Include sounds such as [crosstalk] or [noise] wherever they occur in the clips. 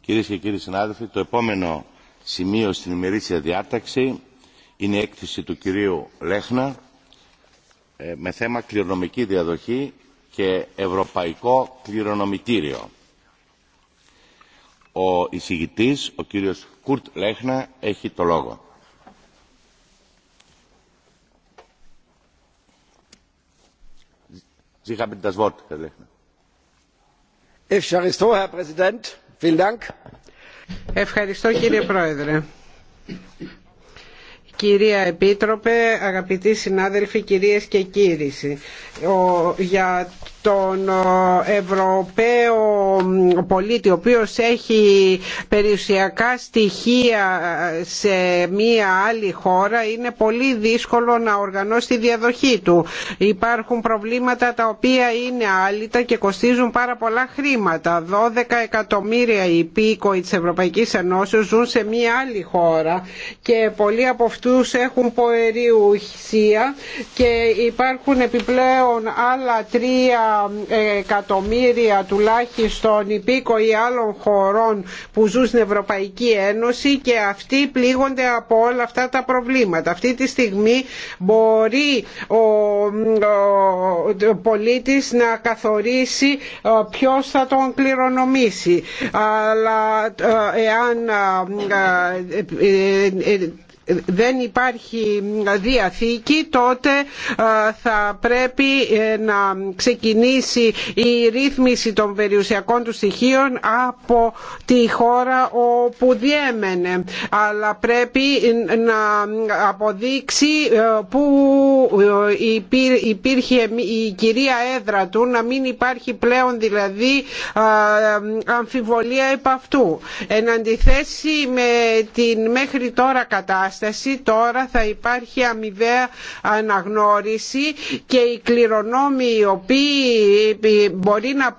Κυρίε και κύριοι συνάδελφοι, το επόμενο σημείο στην ημερήσια διάταξη είναι η έκθεση του κυρίου Λέχνα ε, με θέμα κληρονομική διαδοχή και ευρωπαϊκό κληρονομητήριο. Ο εισηγητής, ο κύριος Κουρτ Λέχνα, έχει το λόγο. Ευχαριστώ, κύριε Πρόεδρε. Κυρία επίτροπε, αγαπητοί συνάδελφοι, κυρίε και κύριοι, για το τον Ευρωπαίο πολίτη ο οποίος έχει περιουσιακά στοιχεία ε, σε μία άλλη χώρα είναι πολύ δύσκολο να οργανώσει τη διαδοχή του. Υπάρχουν προβλήματα τα οποία είναι άλυτα και κοστίζουν πάρα πολλά χρήματα. 12 εκατομμύρια υπήκοοι της Ευρωπαϊκής Ενώσεως ζουν σε μία άλλη χώρα και πολλοί από αυτούς έχουν ποεριουσία και υπάρχουν επιπλέον άλλα τρία εκατομμύρια τουλάχιστον υπήκοοι άλλων χωρών που ζουν στην Ευρωπαϊκή Ένωση και αυτοί πλήγονται από όλα αυτά τα προβλήματα. Αυτή τη στιγμή μπορεί ο πολίτης να καθορίσει ποιος θα τον κληρονομήσει. Αλλά εάν δεν υπάρχει διαθήκη τότε ε, θα πρέπει ε, να ξεκινήσει η ρύθμιση των περιουσιακών του στοιχείων από τη χώρα όπου διέμενε αλλά πρέπει να αποδείξει ε, που υπήρχε η κυρία έδρα του να μην υπάρχει πλέον δηλαδή αμφιβολία επ' αυτού. Εν αντιθέσει με την μέχρι τώρα κατάσταση Τώρα θα υπάρχει αμοιβαία αναγνώριση και οι κληρονόμοι οι οποίοι μπορεί να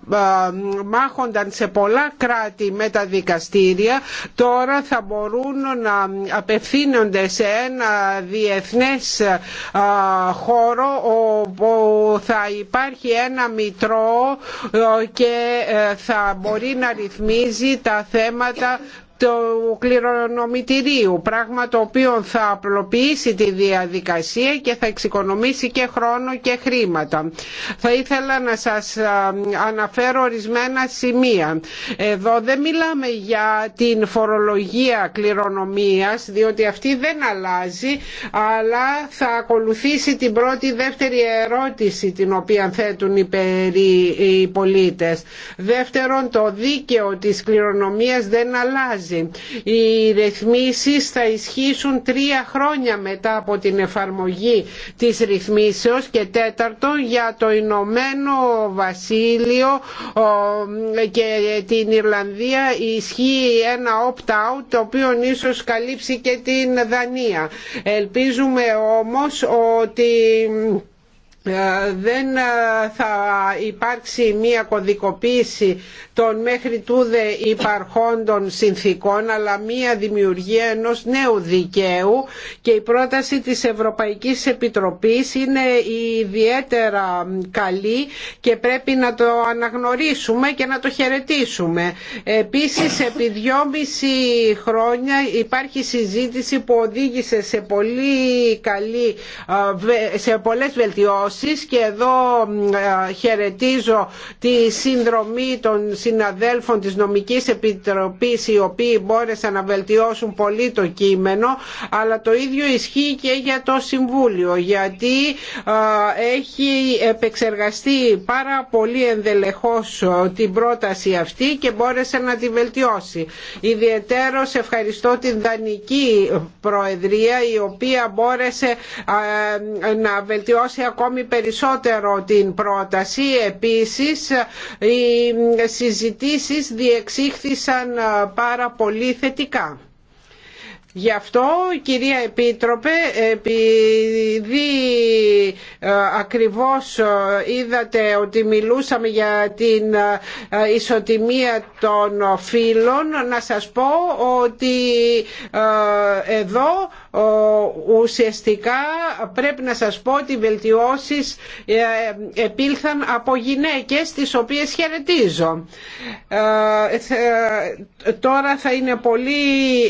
μάχονταν σε πολλά κράτη με τα δικαστήρια τώρα θα μπορούν να απευθύνονται σε ένα διεθνές χώρο όπου θα υπάρχει ένα μητρό και ε, θα μπορεί να ρυθμίζει τα θέματα του κληρονομητηρίου πράγμα το οποίο θα απλοποιήσει τη διαδικασία και θα εξοικονομήσει και χρόνο και χρήματα. Θα ήθελα να σας ε, αναφέρω ορισμένα σημεία. Εδώ δεν μιλάμε για την φορολογία κληρονομίας διότι αυτή δεν αλλάζει αλλά θα ακολουθήσει την πρώτη δεύτερη ερώτηση την οποία θέτουν οι, περί, πολίτες. Δεύτερον το δίκαιο της κληρονομίας δεν αλλάζει αλλάζει. Οι ρυθμίσεις θα ισχύσουν τρία χρόνια μετά από την εφαρμογή της ρυθμίσεως και τέταρτον για το Ηνωμένο Βασίλειο και την Ιρλανδία ισχύει ένα opt-out το οποίο ίσως καλύψει και την Δανία. Ελπίζουμε όμως ότι ε, δεν ε, θα υπάρξει μία κωδικοποίηση των μέχρι τούδε υπαρχόντων συνθήκων αλλά μία δημιουργία ενός νέου δικαίου και η πρόταση της Ευρωπαϊκής Επιτροπής είναι ιδιαίτερα καλή και πρέπει να το αναγνωρίσουμε και να το χαιρετήσουμε. Επίσης επί δυόμιση χρόνια υπάρχει συζήτηση που οδήγησε σε, πολύ καλή, σε πολλές βελτιώσεις και εδώ χαιρετίζω τη συνδρομή των συναδέλφων της νομικής επιτροπής οι οποίοι μπόρεσαν να βελτιώσουν πολύ το κείμενο αλλά το ίδιο ισχύει και για το Συμβούλιο γιατί έχει επεξεργαστεί πάρα πολύ ενδελεχώς την πρόταση αυτή και μπόρεσε να τη βελτιώσει. Ιδιαιτέρως ευχαριστώ την Δανική Προεδρία η οποία μπόρεσε να βελτιώσει ακόμη περισσότερο την πρόταση. Επίσης η συζήτηση συζητήσεις διεξήχθησαν πάρα πολύ θετικά. Γι' αυτό, κυρία Επίτροπε, επειδή ακριβώς είδατε ότι μιλούσαμε για την ισοτιμία των φύλων, να σας πω ότι εδώ ουσιαστικά πρέπει να σας πω ότι οι βελτιώσεις ε, επήλθαν από γυναίκες τις οποίες χαιρετίζω. Ε, τώρα θα είναι πολύ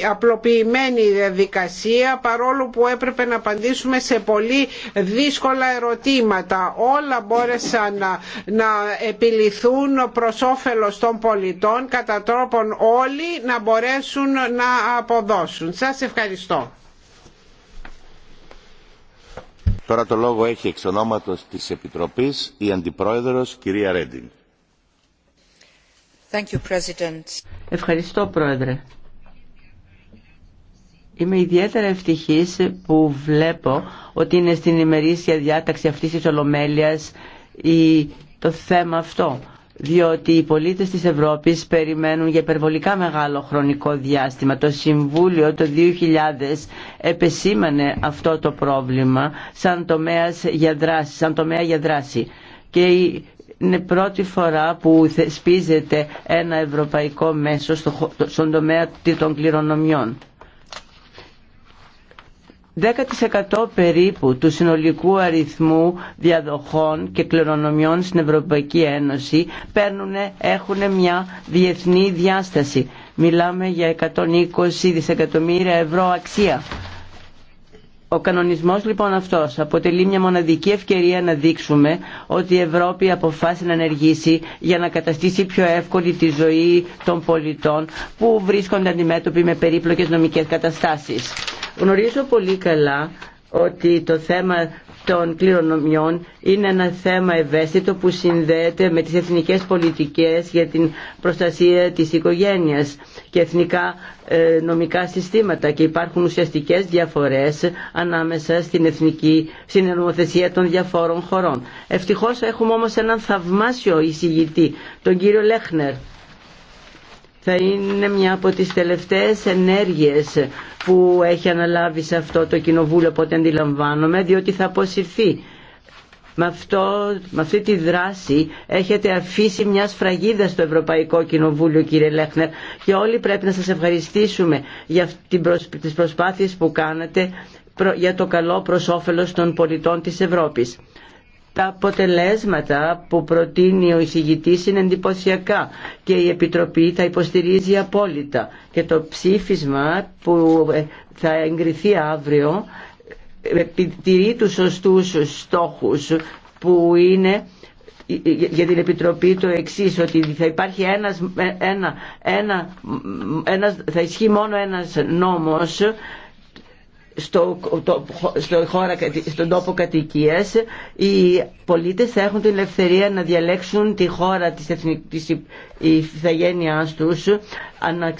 απλοποιημένη η διαδικασία παρόλο που έπρεπε να απαντήσουμε σε πολύ δύσκολα ερωτήματα. Όλα μπόρεσαν να, να επιληθούν προς όφελος των πολιτών κατά τρόπον όλοι να μπορέσουν να αποδώσουν. Σας ευχαριστώ. Τώρα το λόγο έχει εξ ονόματος της Επιτροπής η Αντιπρόεδρος κυρία Ρέντιν. Ευχαριστώ Πρόεδρε. Είμαι ιδιαίτερα ευτυχής που βλέπω ότι είναι στην ημερήσια διάταξη αυτής της Ολομέλειας η... το θέμα αυτό διότι οι πολίτες της Ευρώπης περιμένουν για υπερβολικά μεγάλο χρονικό διάστημα. Το Συμβούλιο το 2000 επεσήμανε αυτό το πρόβλημα σαν, τομέας για δράση, σαν τομέα για δράση. Και είναι πρώτη φορά που θεσπίζεται ένα ευρωπαϊκό μέσο στον τομέα των κληρονομιών. 10% περίπου του συνολικού αριθμού διαδοχών και κληρονομιών στην Ευρωπαϊκή Ένωση έχουν μια διεθνή διάσταση. Μιλάμε για 120 δισεκατομμύρια ευρώ αξία. Ο κανονισμός λοιπόν αυτός αποτελεί μια μοναδική ευκαιρία να δείξουμε ότι η Ευρώπη αποφάσισε να ενεργήσει για να καταστήσει πιο εύκολη τη ζωή των πολιτών που βρίσκονται αντιμέτωποι με περίπλοκες νομικές καταστάσεις. Γνωρίζω πολύ καλά ότι το θέμα των κληρονομιών είναι ένα θέμα ευαίσθητο που συνδέεται με τις εθνικές πολιτικές για την προστασία της οικογένειας και εθνικά ε, νομικά συστήματα και υπάρχουν ουσιαστικές διαφορές ανάμεσα στην εθνική συνενομοθεσία των διαφόρων χωρών. Ευτυχώς έχουμε όμως έναν θαυμάσιο εισηγητή, τον κύριο Λέχνερ θα είναι μια από τις τελευταίες ενέργειες που έχει αναλάβει σε αυτό το κοινοβούλιο από ό,τι αντιλαμβάνομαι διότι θα αποσυρθεί. Με, αυτό, με αυτή τη δράση έχετε αφήσει μια σφραγίδα στο Ευρωπαϊκό Κοινοβούλιο κύριε Λέχνερ και όλοι πρέπει να σας ευχαριστήσουμε για τις προσπάθειες που κάνατε για το καλό προς των πολιτών της Ευρώπης τα αποτελέσματα που προτείνει ο εισηγητής είναι εντυπωσιακά και η Επιτροπή θα υποστηρίζει απόλυτα και το ψήφισμα που ε, θα εγκριθεί αύριο επιτηρεί τους σωστούς στόχους που είναι ε, ε, για την Επιτροπή το εξή ότι θα υπάρχει ένας, ένα, ένα, θα ισχύει μόνο ένας νόμος στο, χώρα, στον τόπο κατοικίας οι πολίτες θα έχουν την ελευθερία να διαλέξουν τη χώρα της, της του τους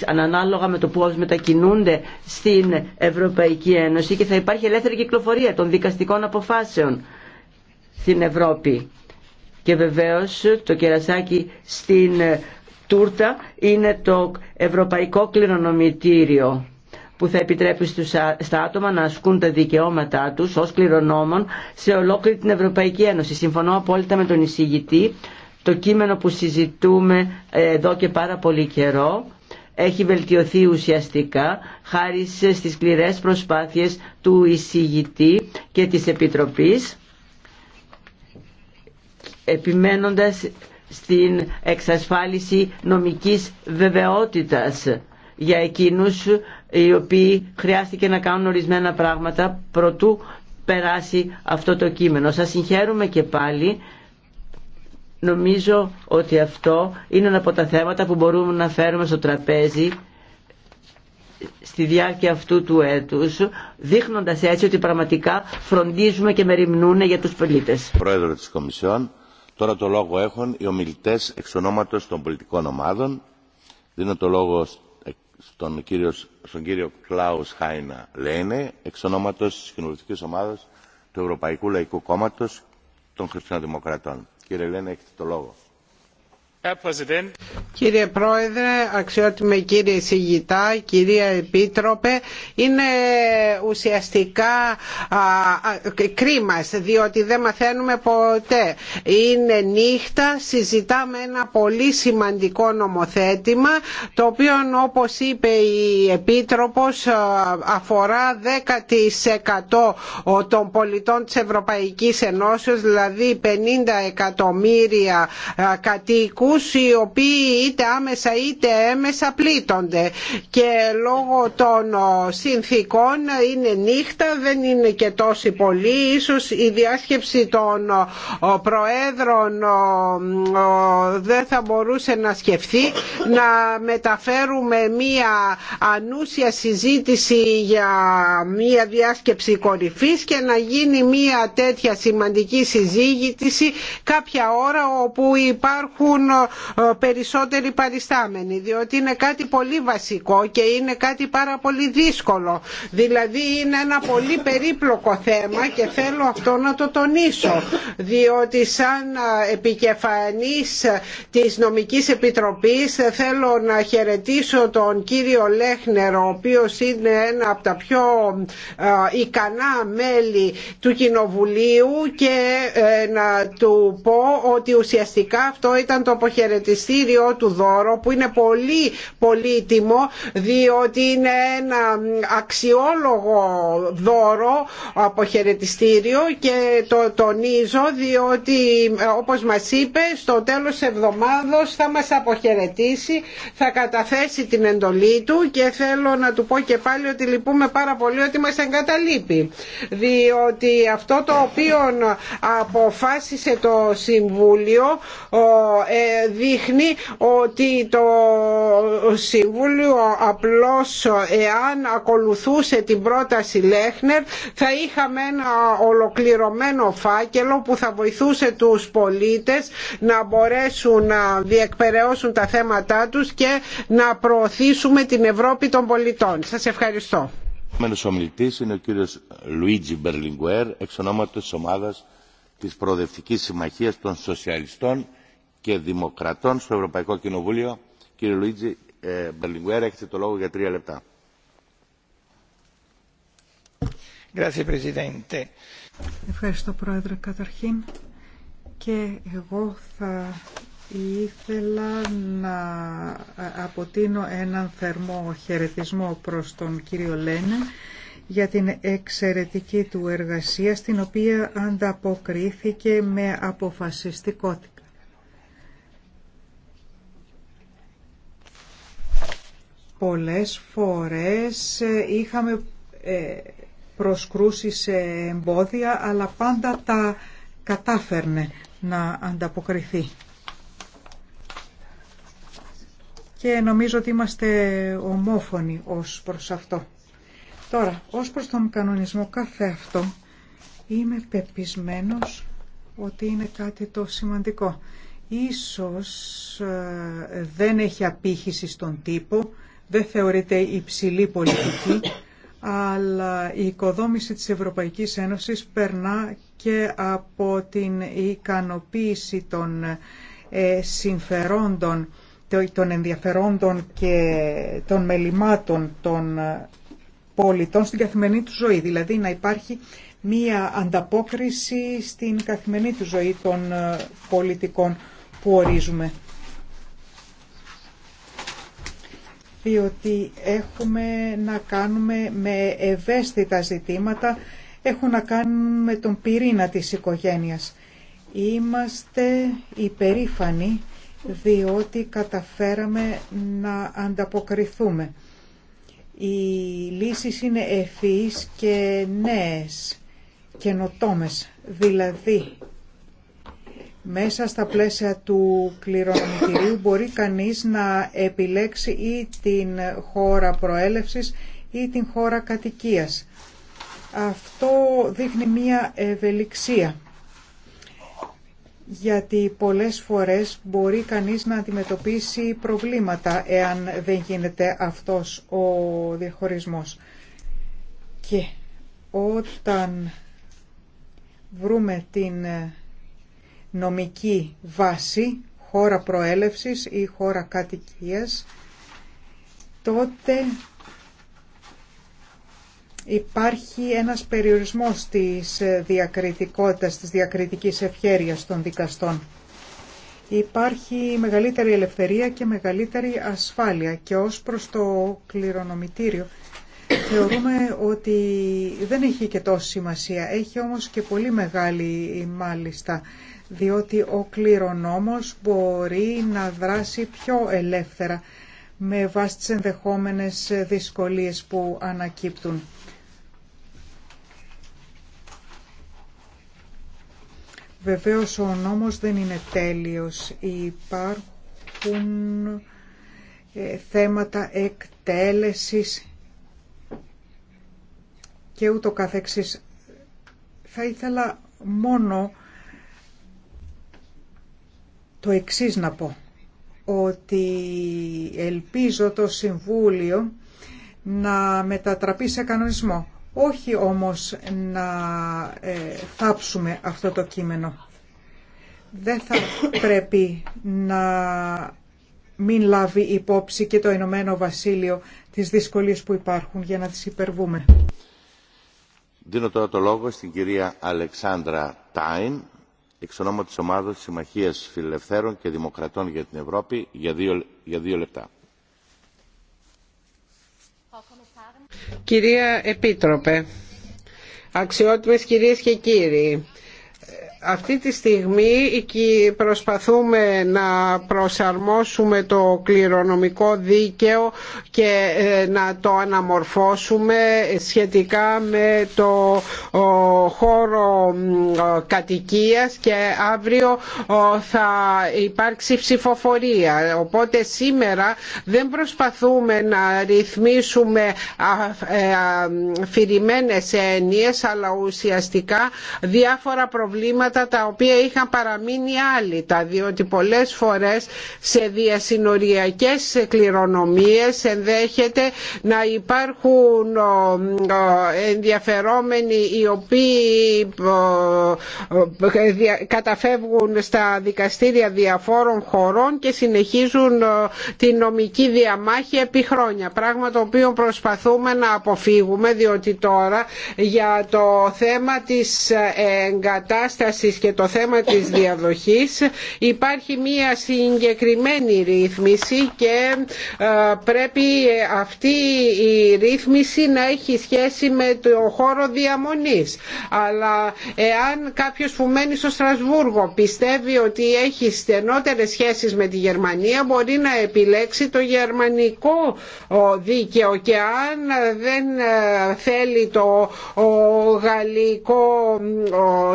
ανάλογα με το πώ μετακινούνται στην Ευρωπαϊκή Ένωση και θα υπάρχει ελεύθερη κυκλοφορία των δικαστικών αποφάσεων στην Ευρώπη. Και βεβαίω το κερασάκι στην τούρτα είναι το Ευρωπαϊκό Κληρονομητήριο που θα επιτρέπει στους, στα άτομα να ασκούν τα δικαιώματά τους ως κληρονόμων σε ολόκληρη την Ευρωπαϊκή Ένωση. Συμφωνώ απόλυτα με τον εισηγητή. Το κείμενο που συζητούμε ε, εδώ και πάρα πολύ καιρό έχει βελτιωθεί ουσιαστικά χάρη στις σκληρές προσπάθειες του εισηγητή και της Επιτροπής επιμένοντας στην εξασφάλιση νομικής βεβαιότητας για εκείνους οι οποίοι χρειάστηκε να κάνουν ορισμένα πράγματα προτού περάσει αυτό το κείμενο. Σας συγχαίρουμε και πάλι. Νομίζω ότι αυτό είναι ένα από τα θέματα που μπορούμε να φέρουμε στο τραπέζι στη διάρκεια αυτού του έτους, δείχνοντας έτσι ότι πραγματικά φροντίζουμε και μεριμνούν για τους πολίτες. Πρόεδρο της Κομισιόν, τώρα το λόγο έχουν οι ομιλητές εξ των πολιτικών ομάδων. Δίνω το λόγο στον κύριο, στον κύριο Κλάους Χάινα Λένε, εξ ονόματος της κοινοβουλευτικής ομάδας του Ευρωπαϊκού Λαϊκού Κόμματος των Χριστιανοδημοκρατών. Κύριε Λένε, έχετε το λόγο. Κύριε Πρόεδρε, αξιότιμε κύριε Σιγητά, κυρία Επίτροπε, είναι ουσιαστικά κρίμα διότι δεν μαθαίνουμε ποτέ. Είναι νύχτα, συζητάμε ένα πολύ σημαντικό νομοθέτημα το οποίο όπως είπε η Επίτροπος αφορά 10% των πολιτών της Ευρωπαϊκής Ενώσεως, δηλαδή 50 εκατομμύρια κατοίκου οι οποίοι είτε άμεσα είτε έμεσα πλήττονται και λόγω των ε, συνθήκων είναι νύχτα, δεν είναι και τόσοι πολλοί, ίσως η διάσκεψη των ε, προέδρων ε, δεν θα μπορούσε να σκεφτεί να μεταφέρουμε μία ανούσια συζήτηση για μία διάσκεψη κορυφής και να γίνει μία τέτοια σημαντική συζήτηση κάποια ώρα όπου υπάρχουν ε, περισσότεροι παριστάμενοι διότι είναι κάτι πολύ βασικό και είναι κάτι πάρα πολύ δύσκολο δηλαδή είναι ένα πολύ περίπλοκο θέμα και θέλω αυτό να το τονίσω διότι σαν ε, επικεφανής της νομικής επιτροπής ε, θέλω να χαιρετήσω τον κύριο Λέχνερ ο οποίος είναι ένα από τα πιο ικανά μέλη του Κοινοβουλίου και να του πω ότι ουσιαστικά αυτό ήταν το χαιρετιστήριό του δώρο που είναι πολύ πολύτιμο διότι είναι ένα αξιόλογο δώρο από χαιρετιστήριο και το τονίζω διότι όπως μας είπε στο τέλος της εβδομάδος θα μας αποχαιρετήσει, θα καταθέσει την εντολή του και θέλω να του πω και πάλι ότι λυπούμε πάρα πολύ ότι μας εγκαταλείπει διότι αυτό το οποίο αποφάσισε το Συμβούλιο ε, δείχνει ότι το Συμβούλιο απλώς εάν ακολουθούσε την πρόταση Λέχνερ θα είχαμε ένα ολοκληρωμένο φάκελο που θα βοηθούσε τους πολίτες να μπορέσουν να διεκπαιρεώσουν τα θέματά τους και να προωθήσουμε την Ευρώπη των πολιτών. Σας ευχαριστώ. Ο ομιλητής είναι ο κύριος Λουίτζι Μπερλιγκουέρ, εξ της ομάδας της των Σοσιαλιστών και Δημοκρατών στο Ευρωπαϊκό Κοινοβούλιο. Κύριε Λουίτζι ε, Μπερλιγκουέρα, έχετε το λόγο για τρία λεπτά. Ευχαριστώ, Πρόεδρε, καταρχήν. Και εγώ θα ήθελα να αποτείνω έναν θερμό χαιρετισμό προς τον κύριο Λένε για την εξαιρετική του εργασία, στην οποία ανταποκρίθηκε με αποφασιστικότητα. Πολλές φορές ε, είχαμε ε, προσκρούσει σε εμπόδια, αλλά πάντα τα κατάφερνε να ανταποκριθεί. Και νομίζω ότι είμαστε ομόφωνοι ως προς αυτό. Τώρα, ως προς τον κανονισμό κάθε αυτό, είμαι πεπισμένος ότι είναι κάτι το σημαντικό. Ίσως ε, δεν έχει απήχηση στον τύπο, δεν θεωρείται υψηλή πολιτική, αλλά η οικοδόμηση της Ευρωπαϊκής Ένωσης περνά και από την ικανοποίηση των ε, συμφερόντων, των ενδιαφερόντων και των μελημάτων των ε, πολιτών στην καθημερινή του ζωή. Δηλαδή να υπάρχει μία ανταπόκριση στην καθημερινή του ζωή των ε, πολιτικών που ορίζουμε. διότι έχουμε να κάνουμε με ευαίσθητα ζητήματα, έχουν να κάνουν με τον πυρήνα της οικογένειας. Είμαστε υπερήφανοι διότι καταφέραμε να ανταποκριθούμε. Οι λύσεις είναι ευφυείς και νέες, καινοτόμες, δηλαδή μέσα στα πλαίσια του κληρονομητηρίου μπορεί κανείς να επιλέξει ή την χώρα προέλευσης ή την χώρα κατοικίας. Αυτό δείχνει μία ευελιξία γιατί πολλές φορές μπορεί κανείς να αντιμετωπίσει προβλήματα εάν δεν γίνεται αυτός ο διαχωρισμός. Και όταν βρούμε την νομική βάση, χώρα προέλευσης ή χώρα κατοικίας, τότε υπάρχει ένας περιορισμός της διακριτικότητας, της διακριτικής ευχέρειας των δικαστών. Υπάρχει μεγαλύτερη ελευθερία και μεγαλύτερη ασφάλεια και ως προς το κληρονομητήριο Θεωρούμε ότι δεν έχει και τόση σημασία, έχει όμως και πολύ μεγάλη μάλιστα, διότι ο κληρονόμος μπορεί να δράσει πιο ελεύθερα με βάση τις ενδεχόμενες δυσκολίες που ανακύπτουν. Βεβαίως ο νόμος δεν είναι τέλειος. Υπάρχουν ε, θέματα εκτέλεσης και ούτω καθεξής. Θα ήθελα μόνο το εξής να πω, ότι ελπίζω το Συμβούλιο να μετατραπεί σε κανονισμό, όχι όμως να ε, θάψουμε αυτό το κείμενο. Δεν θα πρέπει να μην λάβει υπόψη και το Ηνωμένο Βασίλειο τις δυσκολίες που υπάρχουν για να τις υπερβούμε. Δίνω τώρα το λόγο στην κυρία Αλεξάνδρα Τάιν, εξ ονόμα της ομάδας Συμμαχίας Φιλελευθέρων και Δημοκρατών για την Ευρώπη, για δύο, για λεπτά. Κυρία Επίτροπε, αξιότιμες κυρίες και κύριοι, αυτή τη στιγμή προσπαθούμε να προσαρμόσουμε το κληρονομικό δίκαιο και ε, να το αναμορφώσουμε σχετικά με το χώρο κατοικίας και αύριο θα υπάρξει ψηφοφορία. Οπότε σήμερα δεν προσπαθούμε να ρυθμίσουμε αφηρημένες ε, έννοιες αλλά ουσιαστικά διάφορα προβλήματα τα οποία είχαν παραμείνει άλυτα διότι πολλές φορές σε διασυνοριακές κληρονομίες ενδέχεται να υπάρχουν ενδιαφερόμενοι οι οποίοι καταφεύγουν στα δικαστήρια διαφόρων χωρών και συνεχίζουν την νομική διαμάχη επί χρόνια πράγμα το οποίο προσπαθούμε να αποφύγουμε διότι τώρα για το θέμα της εγκατάστασης και το θέμα της διαδοχής υπάρχει μια συγκεκριμένη ρύθμιση και ε, πρέπει αυτή η ρύθμιση να έχει σχέση με το χώρο διαμονής. Αλλά εάν κάποιος που μένει στο Στρασβούργο πιστεύει ότι έχει στενότερες σχέσεις με τη Γερμανία μπορεί να επιλέξει το γερμανικό δίκαιο και αν δεν ε, θέλει το γαλλικό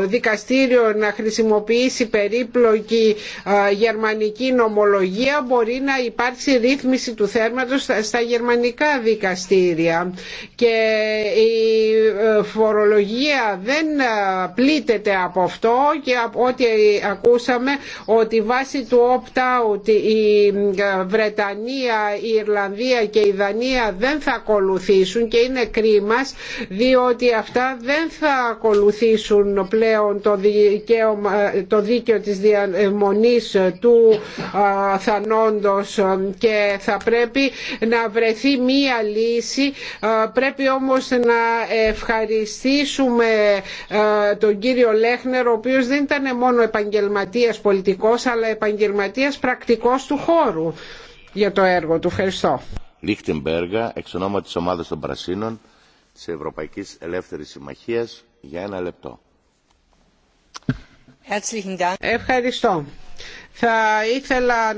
δικαστήριο να χρησιμοποιήσει περίπλοκη γερμανική νομολογία μπορεί να υπάρξει ρύθμιση του θέρματος στα γερμανικά δικαστήρια και η ε, φορολογία δεν πλήττεται από αυτό και από ό,τι ακούσαμε ότι βάσει του οπτά ότι η ε, Βρετανία, η Ιρλανδία και η Δανία δεν θα ακολουθήσουν και είναι κρίμας διότι αυτά δεν θα ακολουθήσουν πλέον το δικαίωμα, το δίκαιο της διαμονής του θανόντος και θα πρέπει να βρεθεί μία λύση πρέπει όμως να ευχαριστήσουμε τον κύριο Λέχνερ ο οποίος δεν ήταν μόνο επαγγελματίας πολιτικός αλλά επαγγελματίας πρακτικός του χώρου για το έργο του. Ευχαριστώ. Λίχτεμπεργα, εξ ονόμα της ομάδας των Πρασίνων της Ευρωπαϊκής Ελεύθερης Συμμαχίας, για ένα λεπτό. Ευχαριστώ. Θα ήθελα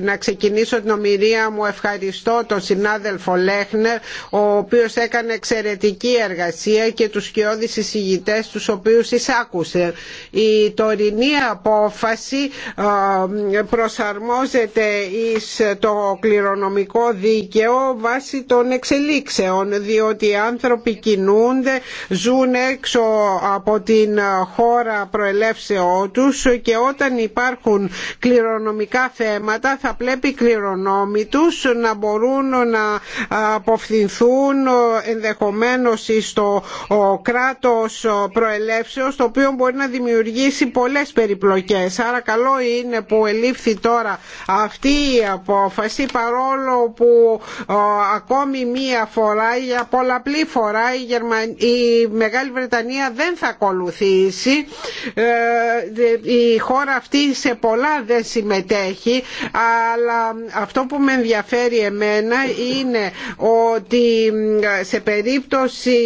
να, ξεκινήσω την ομιλία μου ευχαριστώ τον συνάδελφο Λέχνερ ο οποίος έκανε εξαιρετική εργασία και τους σκιώδεις εισηγητές τους οποίους εισάκουσε. Η τωρινή απόφαση προσαρμόζεται εις το κληρονομικό δίκαιο βάσει των εξελίξεων διότι οι άνθρωποι κινούνται, ζουν έξω από την χώρα προελεύσεώ τους και όταν υπάρχουν υπάρχουν κληρονομικά θέματα θα πρέπει κληρονόμοι τους να μπορούν να αποφθυνθούν ε, ενδεχομένως στο κράτος προελεύσεως το οποίο μπορεί να δημιουργήσει πολλές περιπλοκές. Άρα καλό είναι που ελήφθη τώρα αυτή η απόφαση παρόλο που ακόμη μία φορά η πολλαπλή φορά η, η Μεγάλη Βρετανία δεν θα ακολουθήσει. Ε, η χώρα αυτή σε πολλά δεν συμμετέχει αλλά αυτό που με ενδιαφέρει εμένα είναι ότι σε περίπτωση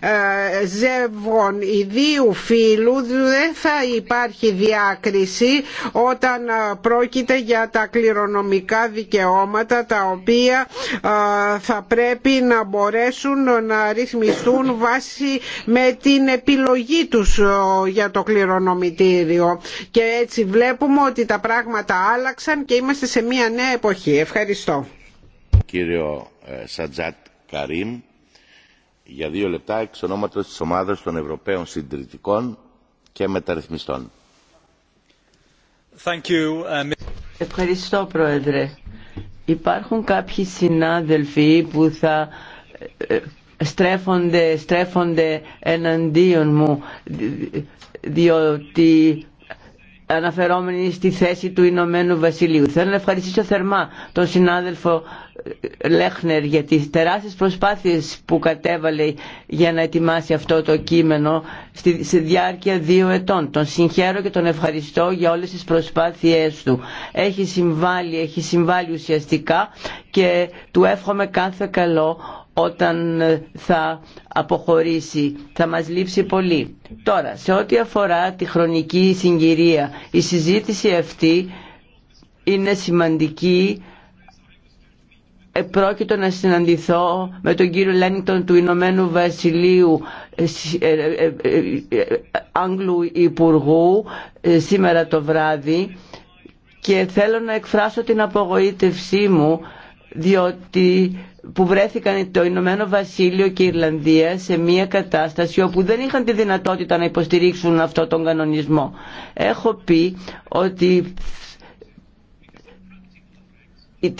ε, ζεύγων ιδίου φύλου δεν θα υπάρχει διάκριση όταν ε, πρόκειται για τα κληρονομικά δικαιώματα τα οποία ε, θα πρέπει να μπορέσουν να ρυθμιστούν βάσει με την επιλογή τους για το κληρονομητήριο και έτσι βλέπουμε βλέπουμε ότι τα πράγματα άλλαξαν και είμαστε σε μια νέα εποχή. Ευχαριστώ. Κύριο ε, Σατζάτ Καρίμ, για δύο λεπτά εξ ονόματος της ομάδας των Ευρωπαίων Συντηρητικών και Μεταρρυθμιστών. Thank you. Ε, Ευχαριστώ Πρόεδρε. Υπάρχουν κάποιοι συνάδελφοι που θα ε, στρέφονται, στρέφονται εναντίον μου διότι αναφερόμενοι στη θέση του Ηνωμένου Βασιλείου. Θέλω να ευχαριστήσω θερμά τον συνάδελφο Λέχνερ για τις τεράστιες προσπάθειες που κατέβαλε για να ετοιμάσει αυτό το κείμενο στη, σε διάρκεια δύο ετών. Τον συγχαίρω και τον ευχαριστώ για όλες τις προσπάθειές του. Έχει συμβάλει, έχει συμβάλει ουσιαστικά και του εύχομαι κάθε καλό όταν ε, θα αποχωρήσει. Θα μας λείψει πολύ. Τώρα, σε ό,τι αφορά τη χρονική συγκυρία, η συζήτηση αυτή είναι σημαντική. Πρόκειτο να συναντηθώ με τον κύριο Λένικτον του Ηνωμένου Βασιλείου, ε, ε, Άγγλου Υπουργού, σήμερα το βράδυ και θέλω να εκφράσω την απογοήτευσή μου διότι που βρέθηκαν το Ηνωμένο Βασίλειο και η Ιρλανδία σε μια κατάσταση όπου δεν είχαν τη δυνατότητα να υποστηρίξουν αυτό τον κανονισμό. Έχω πει ότι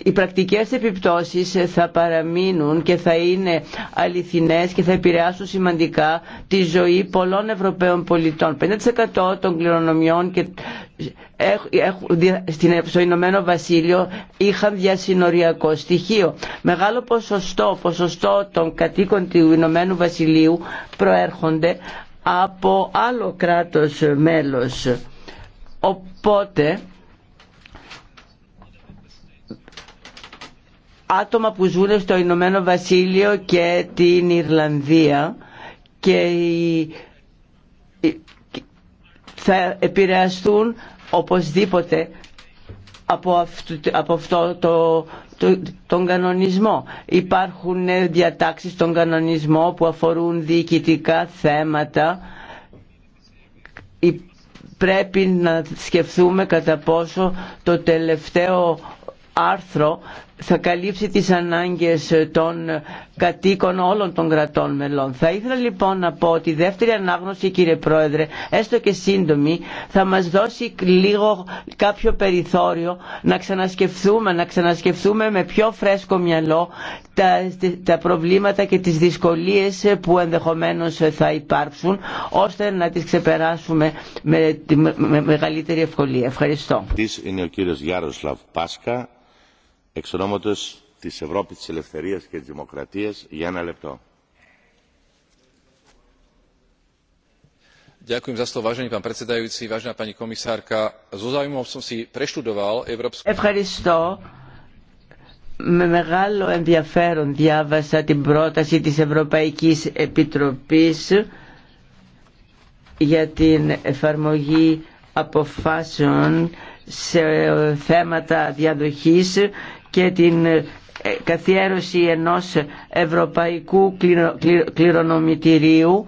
οι πρακτικές επιπτώσεις θα παραμείνουν και θα είναι αληθινές και θα επηρεάσουν σημαντικά τη ζωή πολλών Ευρωπαίων πολιτών. 50% των κληρονομιών και στο Ηνωμένο Βασίλειο είχαν διασυνοριακό στοιχείο. Μεγάλο ποσοστό, ποσοστό των κατοίκων του Ηνωμένου Βασιλείου προέρχονται από άλλο κράτος μέλος. Οπότε άτομα που ζουν στο Ηνωμένο Βασίλειο και την Ιρλανδία και θα επηρεαστούν οπωσδήποτε από, αυτό, από αυτό το, τον κανονισμό. Υπάρχουν διατάξεις στον κανονισμό που αφορούν διοικητικά θέματα. Πρέπει να σκεφτούμε κατά πόσο το τελευταίο άρθρο θα καλύψει τις ανάγκες των κατοίκων όλων των κρατών μελών. Θα ήθελα λοιπόν να πω ότι η δεύτερη ανάγνωση κύριε Πρόεδρε, έστω και σύντομη, θα μας δώσει λίγο κάποιο περιθώριο να ξανασκεφθούμε, να ξανασκεφθούμε με πιο φρέσκο μυαλό τα, τα προβλήματα και τις δυσκολίες που ενδεχομένως θα υπάρξουν, ώστε να τις ξεπεράσουμε με, με μεγαλύτερη ευκολία. Ευχαριστώ. Είναι ο κύριος Γιάροσλαβ Πάσκα Εξ ονόματος της Ευρώπης της Ελευθερίας και της Δημοκρατίας, για ένα λεπτό. Ευχαριστώ. Με μεγάλο ενδιαφέρον διάβασα την πρόταση της Ευρωπαϊκής Επιτροπής για την εφαρμογή αποφάσεων σε θέματα διαδοχής και την ε, καθιέρωση ενός ευρωπαϊκού κληρονομητηρίου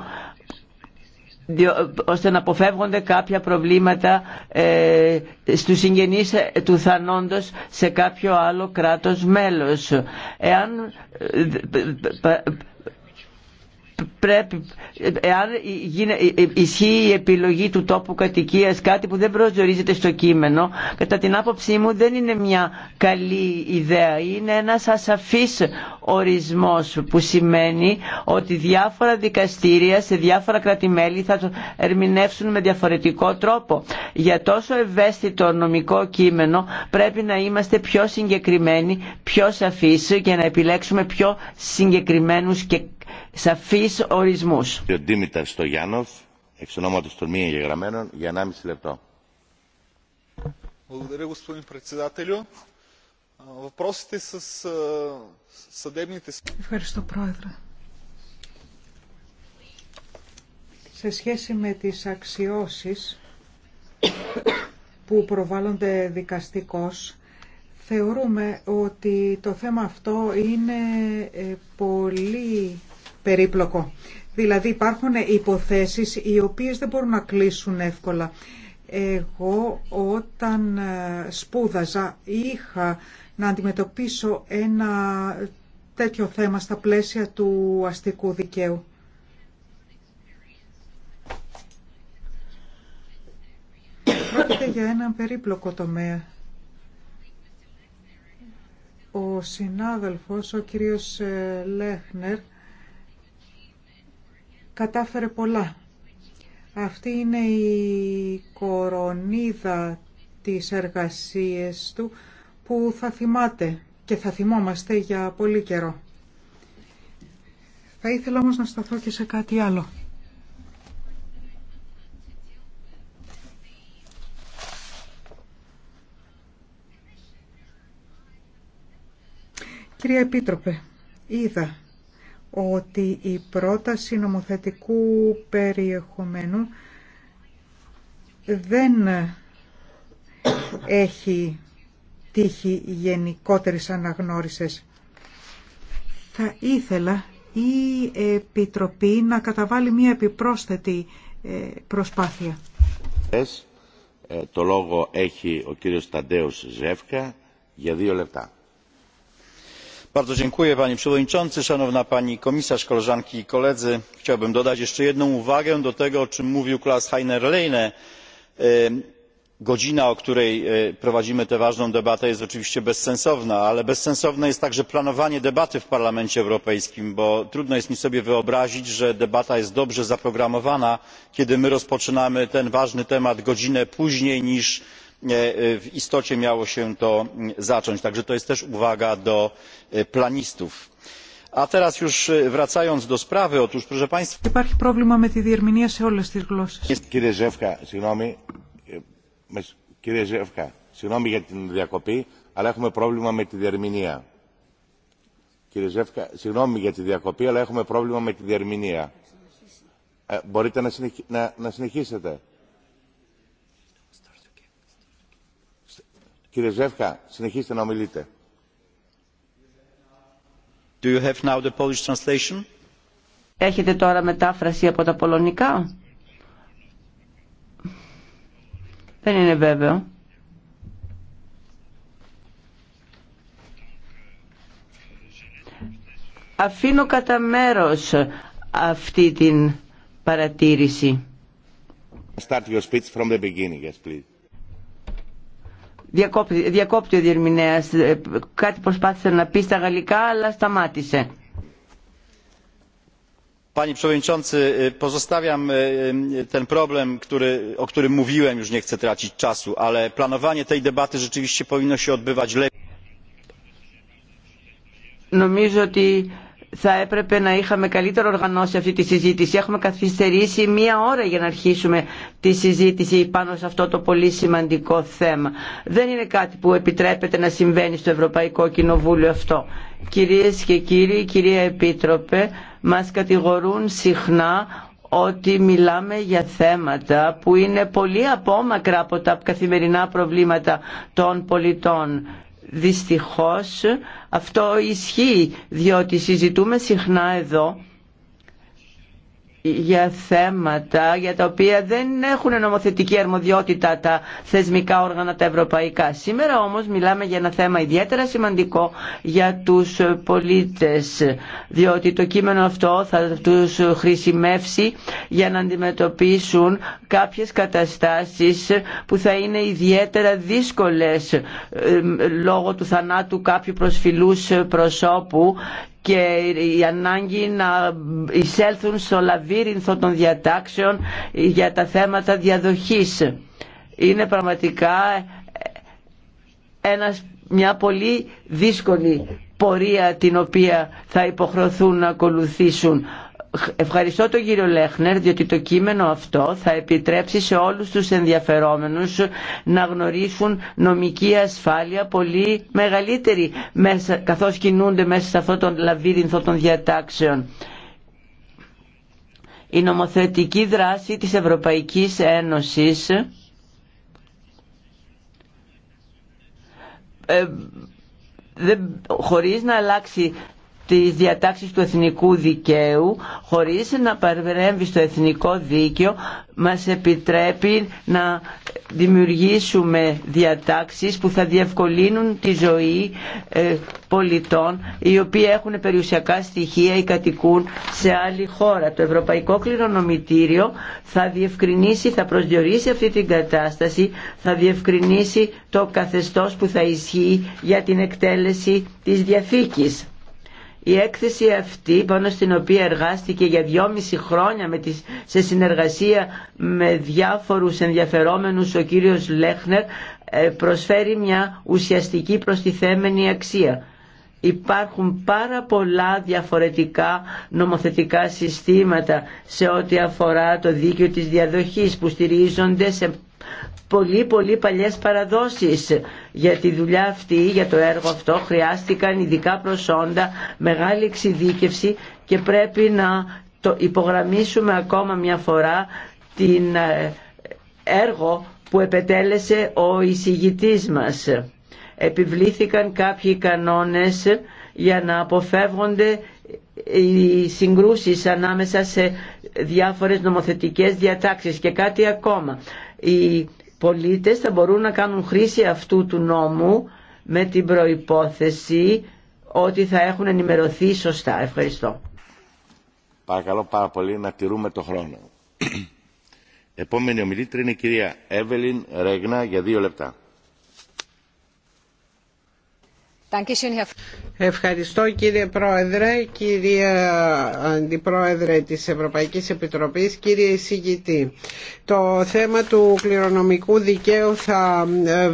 ώστε να αποφεύγονται κάποια προβλήματα ε, στους συγγενείς του θανόντος σε κάποιο άλλο κράτος μέλος. Εάν ε, πρέπει, εάν ισχύει η επιλογή του τόπου κατοικία κάτι που δεν προσδιορίζεται στο κείμενο, κατά την άποψή μου δεν είναι μια καλή ιδέα. Είναι ένα ασαφής ορισμός που σημαίνει ότι διάφορα δικαστήρια σε διάφορα κρατημέλη θα το ερμηνεύσουν με διαφορετικό τρόπο. Για τόσο ευαίσθητο νομικό κείμενο πρέπει να είμαστε πιο συγκεκριμένοι, πιο σαφείς και να επιλέξουμε πιο συγκεκριμένους και σαφείς ορισμούς. Ο Ντίμητρα Στογιάννοφ, εξ ονόματος των μη εγγεγραμμένων, για 1,5 λεπτό. Благодаря, господин председателю. Въпросите с съдебните... Ευχαριστώ, Πρόεδρε. Σε σχέση με τις αξιώσεις που προβάλλονται δικαστικώς, θεωρούμε ότι το θέμα αυτό είναι ε, πολύ περίπλοκο. Δηλαδή υπάρχουν υποθέσεις οι οποίες δεν μπορούν να κλείσουν εύκολα. Εγώ όταν ε, σπούδαζα είχα να αντιμετωπίσω ένα τέτοιο θέμα στα πλαίσια του αστικού δικαίου. Πρόκειται για έναν περίπλοκο τομέα. Ο συνάδελφος, ο κύριος ε, Λέχνερ, κατάφερε πολλά. Αυτή είναι η κορονίδα της εργασίες του που θα θυμάται και θα θυμόμαστε για πολύ καιρό. Θα ήθελα όμως να σταθώ και σε κάτι άλλο. Κυρία Επίτροπε, είδα ότι η πρόταση νομοθετικού περιεχομένου δεν έχει τύχει γενικότερη αναγνώρισης. Θα ήθελα η Επιτροπή να καταβάλει μια επιπρόσθετη ε, προσπάθεια. Ε, το λόγο έχει ο κύριος Ταντέος Ζεύκα για δύο λεπτά panie przewodniczący! szanowna pani komisarz! koleżanki i koledzy! chciałbym dodać jeszcze jedną uwagę do tego o czym mówił klaus heiner lehne. godzina o której prowadzimy tę ważną debatę jest oczywiście bezsensowna ale bezsensowne jest także planowanie debaty w parlamencie europejskim bo trudno jest mi sobie wyobrazić że debata jest dobrze zaprogramowana kiedy my rozpoczynamy ten ważny temat godzinę później niż E, w istocie το się to mm, zacząć. także to jest też uwaga do e, planistów. a teraz już e, wracając do sprawy otóż proszę państwa ε, κύριε Ζεύκα, συγγνώμη για την διακοπή, αλλά έχουμε πρόβλημα με τη διερμηνία. Κύριε Ζεύκα, συγγνώμη για τη διακοπή, αλλά έχουμε πρόβλημα με τη διερμηνία. Ε, μπορείτε να, να, να συνεχίσετε. Κύριε Ζεύκα, συνεχίστε να ομιλείτε. Έχετε τώρα μετάφραση από τα πολωνικά. Δεν είναι βέβαιο. Αφήνω κατά μέρος αυτή την παρατήρηση. Start your speech from the beginning, yes, Διακόπτει, διακόπτει ο διερμηνέας. Κάτι προσπάθησε να πει στα γαλλικά, αλλά σταμάτησε. Panie Przewodniczący, pozostawiam ten problem, który, o którym mówiłem, już nie chcę tracić czasu, ale planowanie tej debaty rzeczywiście powinno się odbywać lepiej. Myślę, że θα έπρεπε να είχαμε καλύτερο οργανώσει αυτή τη συζήτηση. Έχουμε καθυστερήσει μία ώρα για να αρχίσουμε τη συζήτηση πάνω σε αυτό το πολύ σημαντικό θέμα. Δεν είναι κάτι που επιτρέπεται να συμβαίνει στο Ευρωπαϊκό Κοινοβούλιο αυτό. Κυρίες και κύριοι, κυρία Επίτροπε, μας κατηγορούν συχνά ότι μιλάμε για θέματα που είναι πολύ απόμακρα από τα καθημερινά προβλήματα των πολιτών. Δυστυχώς αυτό ισχύει διότι συζητούμε συχνά εδώ για θέματα για τα οποία δεν έχουν νομοθετική αρμοδιότητα τα θεσμικά όργανα τα ευρωπαϊκά. Σήμερα όμως μιλάμε για ένα θέμα ιδιαίτερα σημαντικό για τους πολίτες διότι το κείμενο αυτό θα τους χρησιμεύσει για να αντιμετωπίσουν κάποιες καταστάσεις που θα είναι ιδιαίτερα δύσκολες ε, λόγω του θανάτου κάποιου προσφυλούς προσώπου και η ανάγκη να εισέλθουν στο λαβύρινθο των διατάξεων για τα θέματα διαδοχής. Είναι πραγματικά ένας, μια πολύ δύσκολη πορεία την οποία θα υποχρεωθούν να ακολουθήσουν Ευχαριστώ τον κύριο Λέχνερ διότι το κείμενο αυτό θα επιτρέψει σε όλους τους ενδιαφερόμενους να γνωρίσουν νομική ασφάλεια πολύ μεγαλύτερη μέσα, καθώς κινούνται μέσα σε αυτό τον λαβύρινθο των διατάξεων. Η νομοθετική δράση της Ευρωπαϊκής Ένωσης ε, δεν, χωρίς να αλλάξει τις διατάξεις του εθνικού δικαίου χωρίς να παρεμβεί στο εθνικό δίκαιο μας επιτρέπει να δημιουργήσουμε διατάξεις που θα διευκολύνουν τη ζωή ε, πολιτών οι οποίοι έχουν περιουσιακά στοιχεία ή κατοικούν σε άλλη χώρα. Το Ευρωπαϊκό Κληρονομητήριο θα διευκρινίσει, θα προσδιορίσει αυτή την κατάσταση, θα διευκρινίσει το καθεστώς που θα ισχύει για την εκτέλεση της Διαθήκης η έκθεση αυτή πάνω στην οποία εργάστηκε για δυόμιση χρόνια με τις, σε συνεργασία με διάφορους ενδιαφερόμενους ο κύριος Λέχνερ ε, προσφέρει μια ουσιαστική προστιθέμενη αξία. Υπάρχουν πάρα πολλά διαφορετικά νομοθετικά συστήματα σε ό,τι αφορά το δίκαιο της διαδοχής που στηρίζονται σε πολύ πολύ παλιές παραδόσεις για τη δουλειά αυτή, για το έργο αυτό χρειάστηκαν ειδικά προσόντα, μεγάλη εξειδίκευση και πρέπει να το υπογραμμίσουμε ακόμα μια φορά την ε, έργο που επετέλεσε ο εισηγητής μας. Επιβλήθηκαν κάποιοι κανόνες για να αποφεύγονται οι συγκρούσεις ανάμεσα σε διάφορες νομοθετικές διατάξεις και κάτι ακόμα πολίτες θα μπορούν να κάνουν χρήση αυτού του νόμου με την προϋπόθεση ότι θα έχουν ενημερωθεί σωστά. Ευχαριστώ. Παρακαλώ πάρα πολύ να τηρούμε το χρόνο. [clears throat] Επόμενη ομιλήτρια είναι η κυρία Εύελιν Ρέγνα για δύο λεπτά. Ευχαριστώ κύριε Πρόεδρε, κύρια Αντιπρόεδρε της Ευρωπαϊκής Επιτροπής, κύριε Εισηγητή. Το θέμα του κληρονομικού δικαίου θα ε,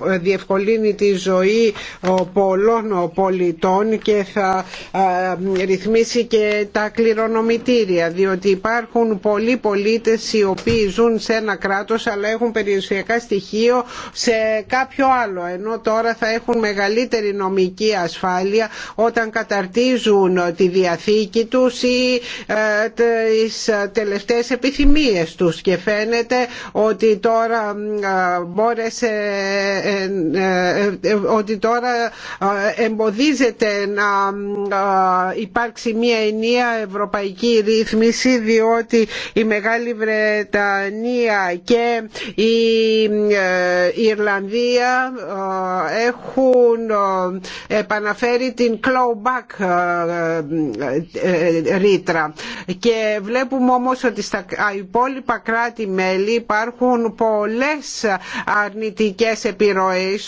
διευκολύνει τη ζωή ε, πολλών πολιτών και θα ε, ρυθμίσει και τα κληρονομητήρια διότι υπάρχουν πολλοί πολίτες οι οποίοι ζουν σε ένα κράτος αλλά έχουν περιουσιακά στοιχείο σε κάποιο άλλο ενώ τώρα θα έχουν μεγαλύτερη νομική ασφάλεια όταν καταρτίζουν τη διαθήκη τους ή ε, τις τελευταίες επιθυμίες τους και φαίνεται ότι τώρα μπόρεσε ότι τώρα ε, εμποδίζεται να ε, υπάρξει μια ενιαία ευρωπαϊκή ρύθμιση διότι η Μεγάλη Βρετανία και η ε, Ιρλανδία έχουν επαναφέρει την clawback ρήτρα και βλέπουμε όμως ότι στα υπόλοιπα κράτη-μέλη υπάρχουν πολλές αρνητικές επιρροές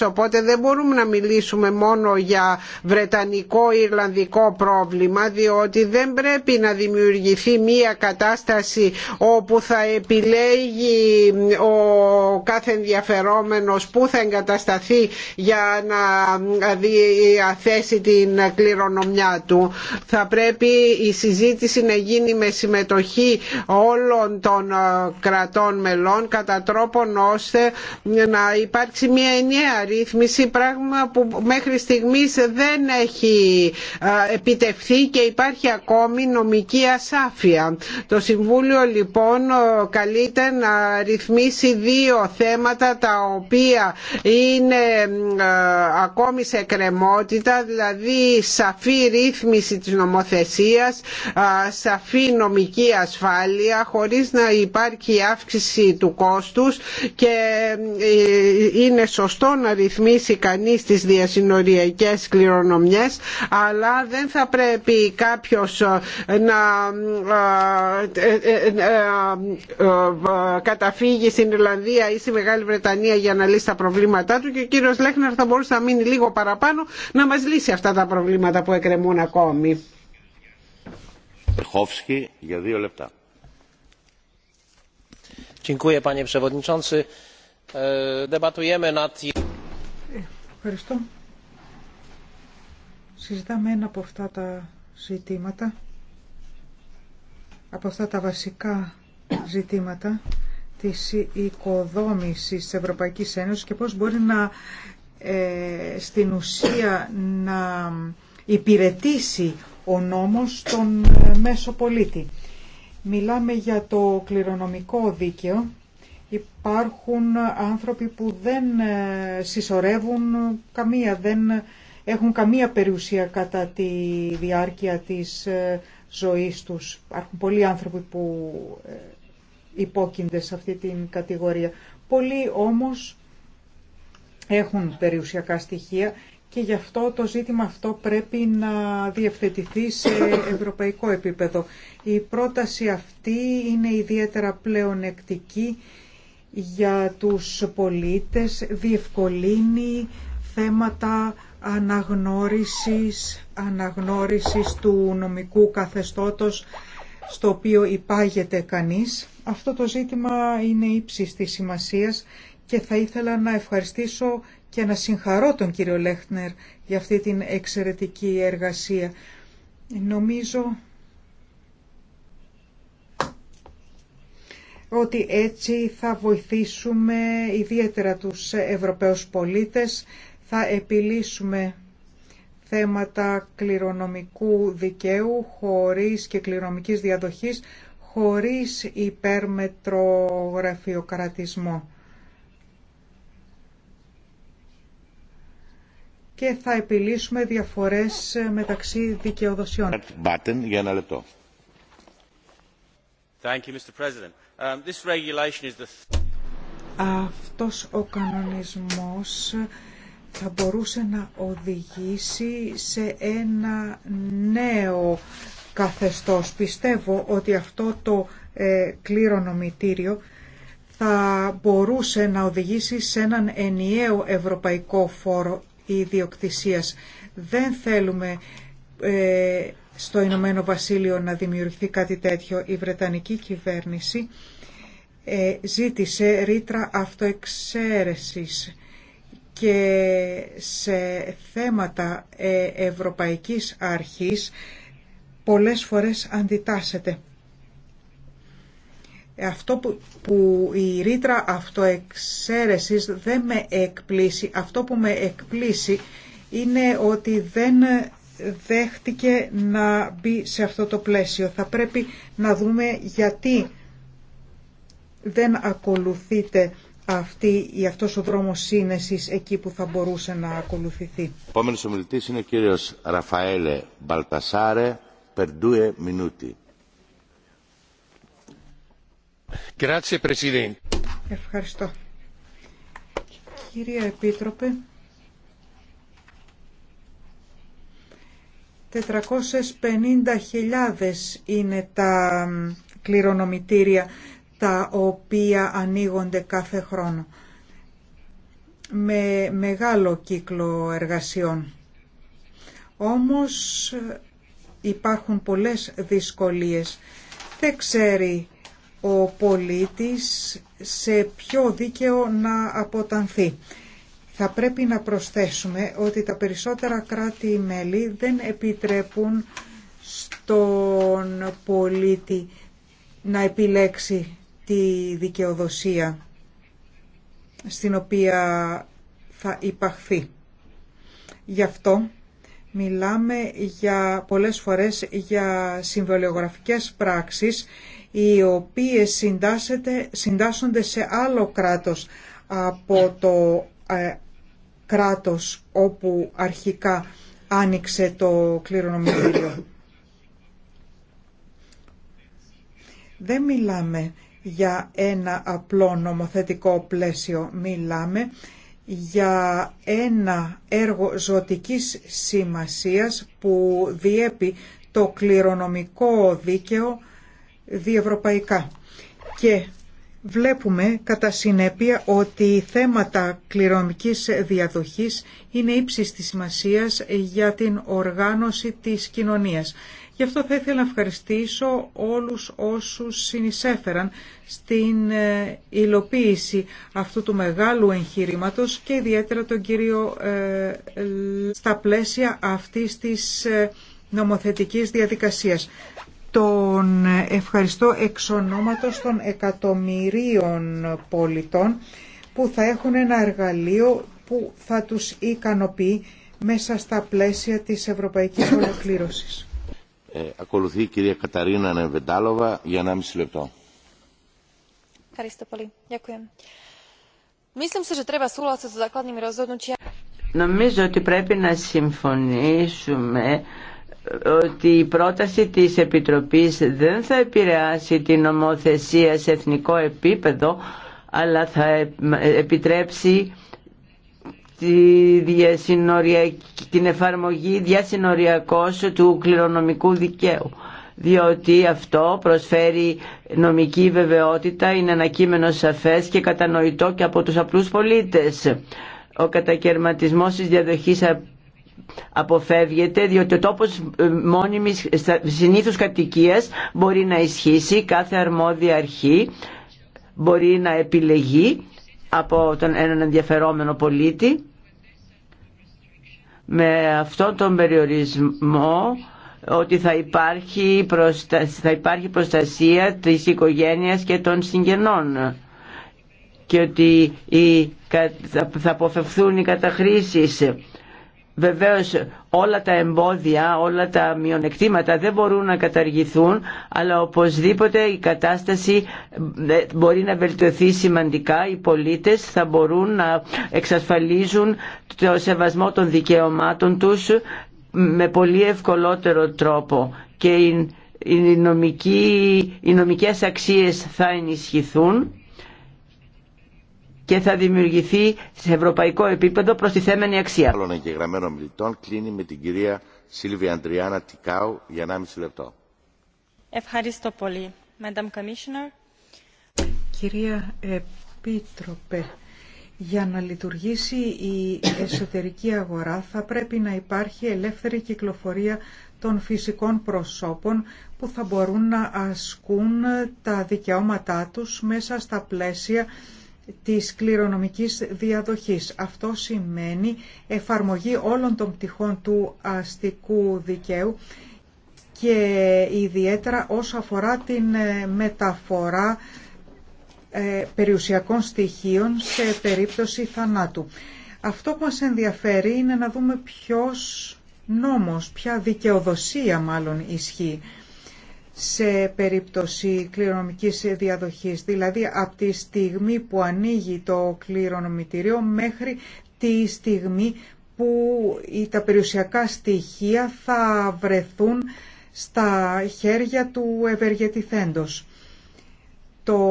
οπότε δεν μπορούμε να μιλήσουμε μόνο για βρετανικό ή ιρλανδικό πρόβλημα διότι δεν πρέπει να δημιουργηθεί μία κατάσταση όπου θα επιλέγει ο κάθε ενδιαφερόμενος που θα εγκατασταθεί για να διαθέσει την κληρονομιά του. Θα πρέπει η συζήτηση να γίνει με συμμετοχή όλων των κρατών μελών κατά τρόπον ώστε να υπάρξει μια νέα ρύθμιση πράγμα που μέχρι στιγμής δεν έχει επιτευχθεί και υπάρχει ακόμη νομική ασάφεια. Το Συμβούλιο λοιπόν καλείται να ρυθμίσει δύο θέματα τα οποία είναι ακόμη σε κρεμότητα δηλαδή σαφή ρύθμιση της νομοθεσίας σαφή νομική ασφάλεια χωρίς να υπάρχει αύξηση του κόστους και ε, είναι σωστό να ρυθμίσει κανείς τις διασυνοριακές κληρονομιές αλλά δεν θα πρέπει κάποιος ε, να ε, ε, καταφύγει στην Ιρλανδία ή στη Μεγάλη Βρετανία για να λύσει τα προβλήματά του και ο κύριος Λέχνερ θα μπορούσε να μείνει λίγο παραπάνω να μας λύσει αυτά τα προβλήματα που εκκρεμούν ακόμη. για δύο λεπτά. Ε, Debatujemy nad... Ε, ευχαριστώ. Συζητάμε ένα από αυτά τα τα βασικά ζητήματα της οικοδόμησης της Ευρωπαϊκής Ένωσης και πώς μπορεί να ε, στην ουσία να υπηρετήσει ο νόμος τον μέσο πολίτη. Μιλάμε για το κληρονομικό δίκαιο Υπάρχουν άνθρωποι που δεν ε, συσσωρεύουν καμία, δεν έχουν καμία περιουσία κατά τη διάρκεια της ε, ζωής τους. Υπάρχουν πολλοί άνθρωποι που ε, υπόκεινται σε αυτή την κατηγορία. Πολλοί όμως έχουν περιουσιακά στοιχεία και γι' αυτό το ζήτημα αυτό πρέπει να διευθετηθεί σε ευρωπαϊκό επίπεδο. Η πρόταση αυτή είναι ιδιαίτερα πλεονεκτική για τους πολίτες, διευκολύνει θέματα αναγνώρισης, αναγνώρισης του νομικού καθεστώτος στο οποίο υπάγεται κανείς. Αυτό το ζήτημα είναι ύψης της σημασίας και θα ήθελα να ευχαριστήσω και να συγχαρώ τον κύριο Λέχτνερ για αυτή την εξαιρετική εργασία. Νομίζω ότι έτσι θα βοηθήσουμε ιδιαίτερα τους Ευρωπαίους πολίτες, θα επιλύσουμε θέματα κληρονομικού δικαίου χωρίς και κληρονομικής διαδοχής χωρίς υπέρμετρο γραφειοκρατισμό. και θα επιλύσουμε διαφορές μεταξύ δικαιοδοσιών. για ένα Thank you, Mr. Um, Αυτός ο κανονισμός θα μπορούσε να οδηγήσει σε ένα νέο καθεστώς. Πιστεύω ότι αυτό το ε, κληρονομητήριο θα μπορούσε να οδηγήσει σε έναν ενιαίο ευρωπαϊκό φόρο ιδιοκτησίας. Δεν θέλουμε ε, στο Ηνωμένο Βασίλειο να δημιουργηθεί κάτι τέτοιο. Η Βρετανική κυβέρνηση ε, ζήτησε ρήτρα αυτοεξαίρεσης και σε θέματα ε, ευρωπαϊκής αρχής πολλές φορές αντιτάσσεται. Αυτό που, που η ρήτρα αυτοεξαίρεσης δεν με εκπλήσει. Αυτό που με εκπλήσει είναι ότι δεν δέχτηκε να μπει σε αυτό το πλαίσιο. Θα πρέπει να δούμε γιατί δεν ακολουθείται αυτή, η αυτός ο δρόμος σύνεσης εκεί που θα μπορούσε να ακολουθηθεί. Ο επόμενος ομιλητής είναι ο κύριος Ραφαέλε Μπαλτασάρε, Περντούε Μινούτη. Ευχαριστώ. Κύριε Επίτροπε, 450.000 είναι τα κληρονομητήρια τα οποία ανοίγονται κάθε χρόνο με μεγάλο κύκλο εργασιών. Όμως ε, υπάρχουν πολλές δυσκολίες. Δεν ξέρει ο πολίτης σε ποιο δίκαιο να αποτανθεί θα πρέπει να προσθέσουμε ότι τα περισσότερα κράτη-μέλη δεν επιτρέπουν στον πολίτη να επιλέξει τη δικαιοδοσία στην οποία θα υπαχθεί. Γι' αυτό μιλάμε για, πολλές φορές για συμβολιογραφικές πράξεις οι οποίες συντάσσονται σε άλλο κράτος από το ε, κράτος όπου αρχικά άνοιξε το κληρονομητήριο. Δεν μιλάμε για ένα απλό νομοθετικό πλαίσιο, μιλάμε για ένα έργο ζωτικής σημασίας που διέπει το κληρονομικό δίκαιο διευρωπαϊκά. Και Βλέπουμε κατά συνέπεια ότι θέματα κληρονομικής διαδοχής είναι ύψης της σημασίας για την οργάνωση της κοινωνίας. Γι' αυτό θα ήθελα να ευχαριστήσω όλους όσους συνεισέφεραν στην ε, υλοποίηση αυτού του μεγάλου εγχείρηματος και ιδιαίτερα τον κύριο ε, στα πλαίσια αυτής της ε, νομοθετικής διαδικασίας τον ευχαριστώ εξ ονόματος των εκατομμυρίων πολιτών που θα έχουν ένα εργαλείο που θα τους ικανοποιεί μέσα στα πλαίσια της ευρωπαϊκής ολοκλήρωσης. Ε, ακολουθεί η κυρία Καταρίνα Νεβεντάλοβα για 1,5 λεπτό. Ευχαριστώ πολύ. Νομίζω ότι πρέπει να συμφωνήσουμε ότι η πρόταση της Επιτροπής δεν θα επηρεάσει την νομοθεσία σε εθνικό επίπεδο αλλά θα ε, ε, επιτρέψει τη την εφαρμογή διασυνοριακώς του κληρονομικού δικαίου διότι αυτό προσφέρει νομική βεβαιότητα, είναι κείμενο σαφές και κατανοητό και από τους απλούς πολίτες. Ο κατακαιρματισμός της διαδοχής αποφεύγεται διότι ο τόπος ε, μόνιμης συνήθους κατοικίας μπορεί να ισχύσει κάθε αρμόδια αρχή μπορεί να επιλεγεί από τον έναν ενδιαφερόμενο πολίτη με αυτόν τον περιορισμό ότι θα υπάρχει, προστασία, θα υπάρχει προστασία της οικογένειας και των συγγενών και ότι θα αποφευθούν οι καταχρήσεις Βεβαίως όλα τα εμπόδια, όλα τα μειονεκτήματα δεν μπορούν να καταργηθούν αλλά οπωσδήποτε η κατάσταση ε, μπορεί να βελτιωθεί σημαντικά. Οι πολίτες θα μπορούν να εξασφαλίζουν το σεβασμό των δικαιωμάτων τους με πολύ ευκολότερο τρόπο και οι, οι νομικές αξίες θα ενισχυθούν και θα δημιουργηθεί σε ευρωπαϊκό επίπεδο προστιθέμενη αξία. Άλλων εγγεγραμμένων μιλητών κλείνει με την κυρία Σίλβια Αντριάννα Τικάου για 1,5 λεπτό. Ευχαριστώ πολύ. Madam Commissioner. Κυρία Επίτροπε, για να λειτουργήσει η εσωτερική αγορά θα πρέπει να υπάρχει ελεύθερη κυκλοφορία των φυσικών προσώπων που θα μπορούν να ασκούν τα δικαιώματά τους μέσα στα πλαίσια της κληρονομικής διαδοχής. Αυτό σημαίνει εφαρμογή όλων των πτυχών του αστικού δικαίου και ιδιαίτερα όσο αφορά την ε, μεταφορά ε, περιουσιακών στοιχείων σε περίπτωση θανάτου. Αυτό που μας ενδιαφέρει είναι να δούμε ποιος νόμος, ποια δικαιοδοσία μάλλον ισχύει σε περίπτωση κληρονομικής διαδοχής, δηλαδή από τη στιγμή που ανοίγει το κληρονομητήριο μέχρι τη στιγμή που τα περιουσιακά στοιχεία θα βρεθούν στα χέρια του ευεργετηθέντος. Το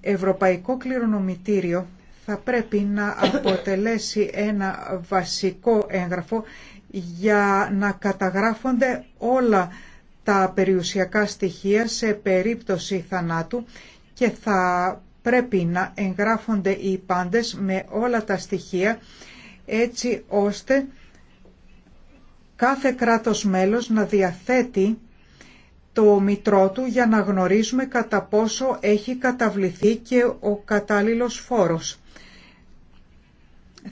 Ευρωπαϊκό Κληρονομητήριο θα πρέπει να αποτελέσει ένα βασικό έγγραφο για να καταγράφονται όλα τα περιουσιακά στοιχεία σε περίπτωση θανάτου και θα πρέπει να εγγράφονται οι πάντες με όλα τα στοιχεία έτσι ώστε κάθε κράτος μέλος να διαθέτει το μητρό του για να γνωρίζουμε κατά πόσο έχει καταβληθεί και ο κατάλληλος φόρος.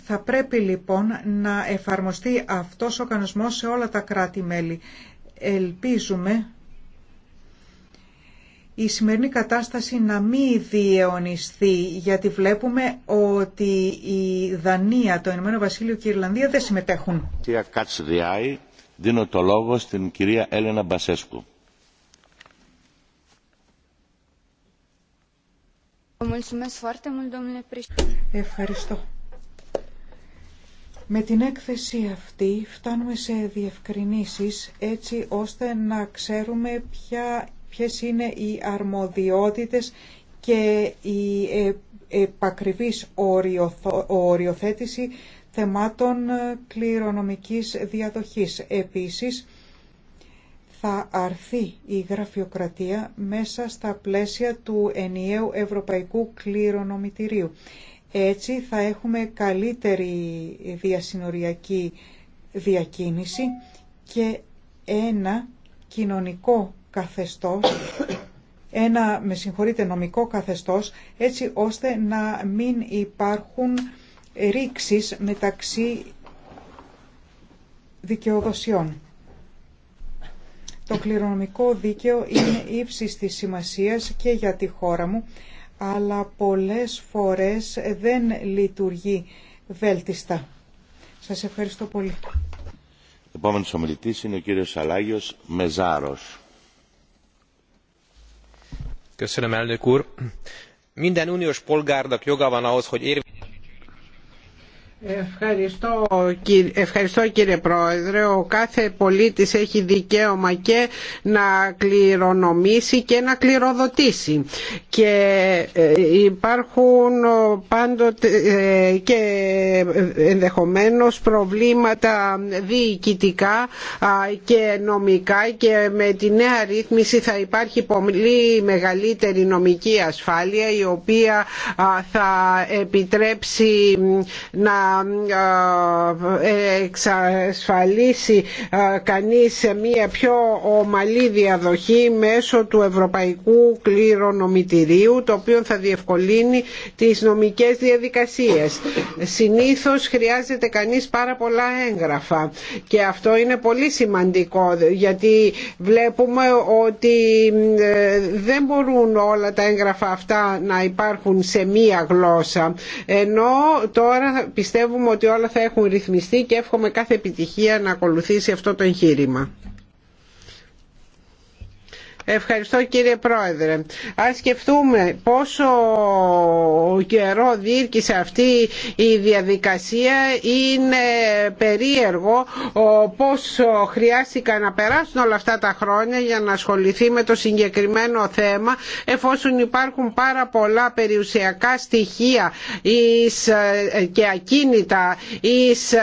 Θα πρέπει λοιπόν να εφαρμοστεί αυτός ο κανονισμός σε όλα τα κράτη-μέλη. Ελπίζουμε η σημερινή κατάσταση να μην διαιωνιστεί, γιατί βλέπουμε ότι η Δανία, το Ηνωμένο Βασίλειο και η Ιρλανδία δεν συμμετέχουν. Κυρία Κατσδιάη, δίνω το λόγο στην κυρία Έλενα Μπασέσκου. Ευχαριστώ. Με την έκθεση αυτή φτάνουμε σε διευκρινήσεις έτσι ώστε να ξέρουμε ποια, ποιες είναι οι αρμοδιότητες και η ε, επακριβής οριοθέτηση θεμάτων ε, κληρονομικής διαδοχής. Επίσης, θα αρθεί η γραφειοκρατία μέσα στα πλαίσια του ενιαίου Ευρωπαϊκού Κληρονομητηρίου. Έτσι θα έχουμε καλύτερη διασυνοριακή διακίνηση και ένα κοινωνικό καθεστώς, ένα με συγχωρείτε νομικό καθεστώς, έτσι ώστε να μην υπάρχουν ρήξεις μεταξύ δικαιοδοσιών. Το κληρονομικό δίκαιο είναι ύψης της σημασίας και για τη χώρα μου αλλά πολλές φορές δεν λειτουργεί βέλτιστα. Σας ευχαριστώ πολύ. Επόμενος ομιλητής είναι ο κύριος Αλάγιος Μεζάρος. Köszönöm, elnök úr. Minden uniós polgárnak joga van ahhoz, hogy Ευχαριστώ, ευχαριστώ κύριε Πρόεδρε. Ο κάθε πολίτης έχει δικαίωμα και να κληρονομήσει και να κληροδοτήσει. Και ε, υπάρχουν πάντοτε ε, και ενδεχομένως προβλήματα διοικητικά και νομικά και με τη νέα ρύθμιση θα υπάρχει πολύ μεγαλύτερη νομική ασφάλεια η οποία θα επιτρέψει να ε, εξασφαλίσει ε, κανείς σε μια πιο ομαλή διαδοχή μέσω του Ευρωπαϊκού Κληρονομητηρίου το οποίο θα διευκολύνει τις νομικές διαδικασίες. Συνήθως χρειάζεται κανείς πάρα πολλά έγγραφα και αυτό είναι πολύ σημαντικό γιατί βλέπουμε ότι ε, δεν μπορούν όλα τα έγγραφα αυτά να υπάρχουν σε μία γλώσσα ενώ τώρα πιστεύω πιστεύουμε ότι όλα θα έχουν ρυθμιστεί και εύχομαι κάθε επιτυχία να ακολουθήσει αυτό το εγχείρημα. Ευχαριστώ κύριε Πρόεδρε. Ας σκεφτούμε πόσο καιρό διήρκησε αυτή η διαδικασία είναι περίεργο πώς χρειάστηκαν να περάσουν όλα αυτά τα χρόνια για να ασχοληθεί με το συγκεκριμένο θέμα εφόσον υπάρχουν πάρα πολλά περιουσιακά στοιχεία και ακίνητα εις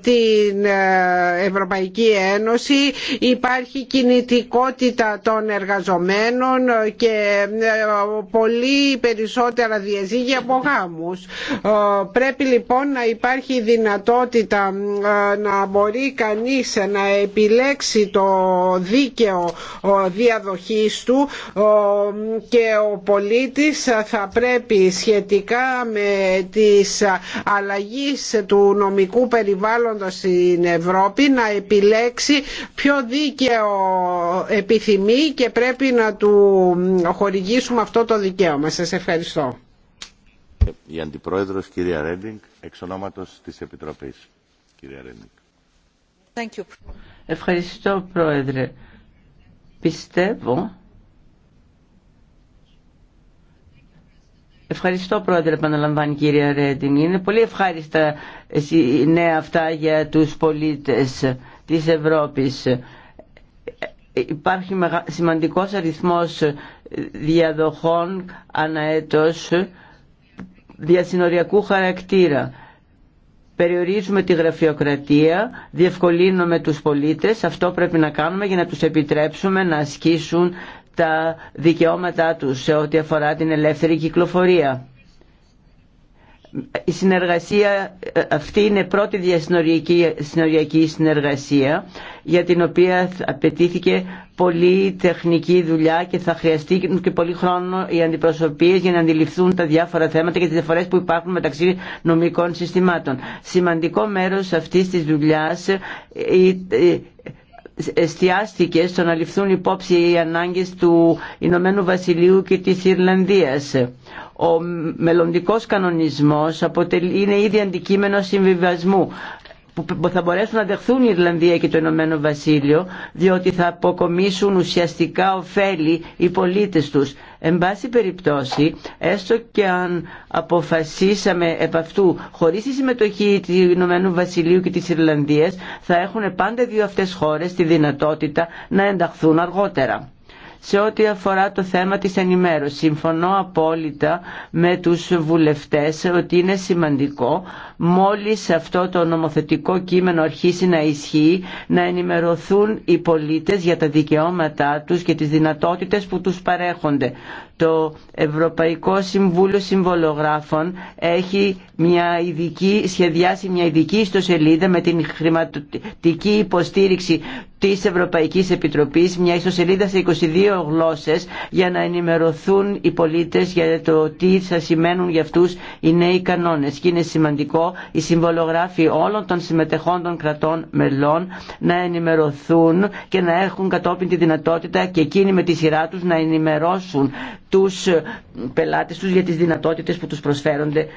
την ε, Ευρωπαϊκή Ένωση υπάρχει κινητικότητα των εργαζομένων εργαζομένων και ε, πολύ περισσότερα διαζύγια από γάμους. Ε, πρέπει λοιπόν να υπάρχει δυνατότητα ε, να μπορεί κανείς να επιλέξει το δίκαιο διαδοχής του και ο πολίτης θα πρέπει σχετικά με τις αλλαγές του νομικού περιβάλλοντος στην Ευρώπη να επιλέξει πιο δίκαιο επιθυμεί και πρέπει πρέπει να του χορηγήσουμε αυτό το δικαίωμα. Σας ευχαριστώ. Η Αντιπρόεδρος κυρία Ρέντινγκ, εξ ονόματος της Επιτροπής. Κυρία Ρέντινγκ. Thank you. Ευχαριστώ Πρόεδρε. Πιστεύω Ευχαριστώ πρόεδρε, επαναλαμβάνει κυρία Ρέντινγκ. Είναι πολύ ευχάριστα νέα αυτά για τους πολίτες της Ευρώπης υπάρχει σημαντικός αριθμός διαδοχών αναέτος διασυνοριακού χαρακτήρα. Περιορίζουμε τη γραφειοκρατία, διευκολύνουμε τους πολίτες, αυτό πρέπει να κάνουμε για να τους επιτρέψουμε να ασκήσουν τα δικαιώματά τους σε ό,τι αφορά την ελεύθερη κυκλοφορία η συνεργασία ε, αυτή είναι πρώτη διασυνοριακή συνεργασία για την οποία απαιτήθηκε πολύ τεχνική δουλειά και θα χρειαστεί και πολύ χρόνο οι αντιπροσωπείες για να αντιληφθούν τα διάφορα θέματα και τις διαφορές που υπάρχουν μεταξύ νομικών συστημάτων. Σημαντικό μέρος αυτής της δουλειάς ε, ε, εστιάστηκε στο να ληφθούν υπόψη οι ανάγκες του Ηνωμένου Βασιλείου και της Ιρλανδίας. Ο μελλοντικός κανονισμός είναι ήδη αντικείμενο συμβιβασμού που θα μπορέσουν να δεχθούν η Ιρλανδία και το Ηνωμένο Βασίλειο διότι θα αποκομίσουν ουσιαστικά ωφέλη οι πολίτες τους. Εν πάση περιπτώσει, έστω και αν αποφασίσαμε επ' αυτού χωρίς τη συμμετοχή του Ηνωμένου Βασιλείου και της Ιρλανδίας θα έχουν πάντα δύο αυτές χώρες τη δυνατότητα να ενταχθούν αργότερα. Σε ό,τι αφορά το θέμα της ενημέρωσης, συμφωνώ απόλυτα με τους βουλευτές ότι είναι σημαντικό μόλις αυτό το νομοθετικό κείμενο αρχίσει να ισχύει να ενημερωθούν οι πολίτες για τα δικαιώματά τους και τις δυνατότητες που τους παρέχονται. Το Ευρωπαϊκό Συμβούλιο Συμβολογράφων έχει μια ειδική, σχεδιάσει μια ειδική ιστοσελίδα με την χρηματική υποστήριξη της Ευρωπαϊκής Επιτροπής, μια ιστοσελίδα σε 22 γλώσσες για να ενημερωθούν οι πολίτες για το τι θα σημαίνουν για αυτούς οι νέοι κανόνες. Και είναι σημαντικό η οι όλων των συμμετεχόντων κρατών μελών να ενημερωθούν και να έχουν κατόπιν τη δυνατότητα και εκείνοι με τη σειρά τους να ενημερώσουν τους πελάτες τους για τις δυνατότητες που τους προσφέρονται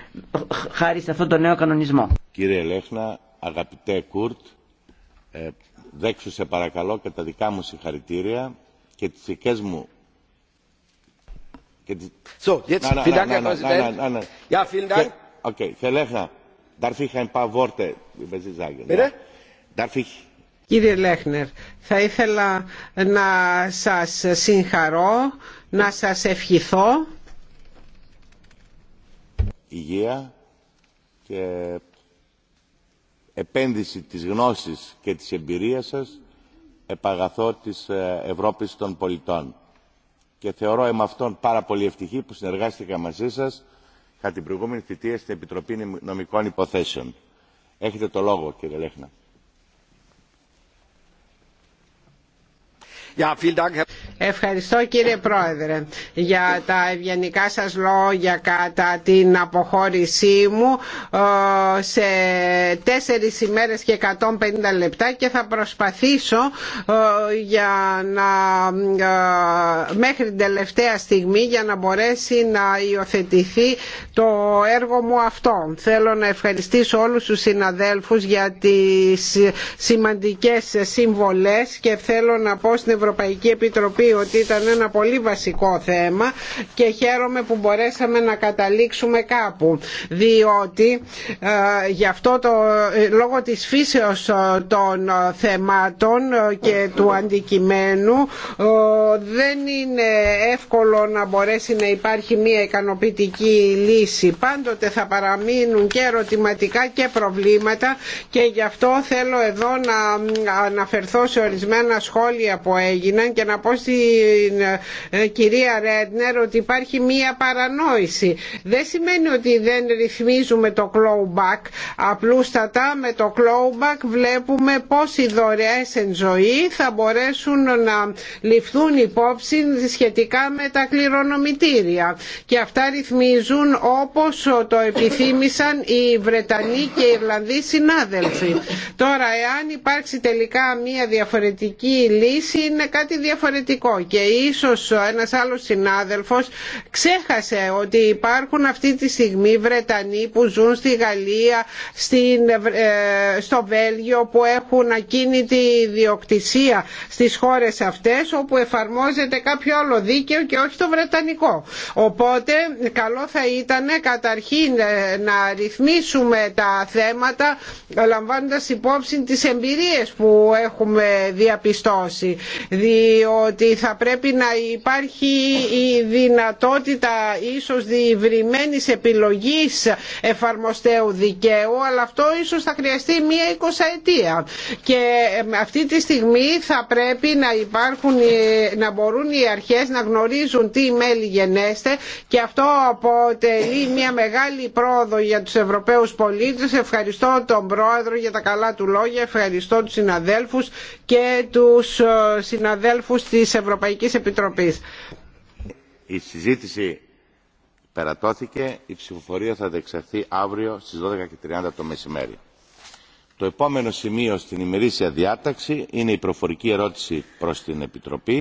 χάρη σε αυτόν τον νέο κανονισμό. Κύριε Λέχνα, αγαπητέ Κούρτ, ε, σε παρακαλώ και τα δικά μου συγχαρητήρια και τις δικές μου So, jetzt, vielen Dank, Präsident. Ja, vielen Dank. Okay, Κύριε Λέχνερ, θα ήθελα να σας συγχαρώ, να σας ευχηθώ. Υγεία και επένδυση της γνώσης και της εμπειρίας σας επαγαθώ της ε, Ευρώπης των πολιτών. Και θεωρώ με αυτόν πάρα πολύ ευτυχή που συνεργάστηκα μαζί σας κατά την προηγούμενη θητεία στην Επιτροπή Νομικών Υποθέσεων. Έχετε το λόγο, κύριε Λέχνα. Ευχαριστώ κύριε Πρόεδρε για τα ευγενικά σας λόγια κατά την αποχώρησή μου ε, σε τέσσερις ημέρες και 150 λεπτά και θα προσπαθήσω ε, για να, ε, μέχρι την τελευταία στιγμή για να μπορέσει να υιοθετηθεί το έργο μου αυτό. Θέλω να ευχαριστήσω όλους τους συναδέλφους για τις σημαντικές συμβολές και θέλω να πω στην Ευρωπαϊκή Ευρωπαϊκή Επιτροπή ότι ήταν ένα πολύ βασικό θέμα και χαίρομαι που μπορέσαμε να καταλήξουμε κάπου διότι ε, γι' αυτό το, ε, λόγω της φύσεως ε, των θεμάτων και του αντικειμένου δεν είναι εύκολο να μπορέσει να υπάρχει μια ικανοποιητική λύση. Πάντοτε θα παραμείνουν και ερωτηματικά και προβλήματα και γι' αυτό θέλω εδώ να αναφερθώ σε ορισμένα σχόλια που έγιναν έγιναν και να πω στην ε, κυρία Ρέντνερ ότι υπάρχει μία παρανόηση. Δεν σημαίνει ότι δεν ρυθμίζουμε το clawback. Απλούστατα με το clawback βλέπουμε πώς οι δωρεές εν ζωή θα μπορέσουν να ληφθούν υπόψη σχετικά με τα κληρονομητήρια. Και αυτά ρυθμίζουν όπως το επιθύμησαν οι Βρετανοί και οι Ιρλανδοί συνάδελφοι. Τώρα, εάν υπάρξει τελικά μία διαφορετική λύση, κάτι διαφορετικό και ίσως ένας άλλος συνάδελφος ξέχασε ότι υπάρχουν αυτή τη στιγμή Βρετανοί που ζουν στη Γαλλία, στην, ε, στο Βέλγιο που έχουν ακίνητη ιδιοκτησία στις χώρες αυτές όπου εφαρμόζεται κάποιο άλλο δίκαιο και όχι το Βρετανικό. Οπότε καλό θα ήταν καταρχήν ε, να ρυθμίσουμε τα θέματα λαμβάνοντας υπόψη τις εμπειρίες που έχουμε διαπιστώσει διότι θα πρέπει να υπάρχει η δυνατότητα ίσως διευρυμένης επιλογής εφαρμοστέου δικαίου αλλά αυτό ίσως θα χρειαστεί μία εικοσαετία και αυτή τη στιγμή θα πρέπει να υπάρχουν να μπορούν οι αρχές να γνωρίζουν τι μέλη γενέστε και αυτό αποτελεί μία μεγάλη πρόοδο για τους Ευρωπαίους πολίτες ευχαριστώ τον Πρόεδρο για τα καλά του λόγια ευχαριστώ τους συναδέλφους και τους συναδέλφους ε, συναδέλφους της Ευρωπαϊκής Επιτροπής. Η συζήτηση περατώθηκε. Η ψηφοφορία θα δεξαρθεί αύριο στις 12.30 το μεσημέρι. Το επόμενο σημείο στην ημερήσια διάταξη είναι η προφορική ερώτηση προς την Επιτροπή.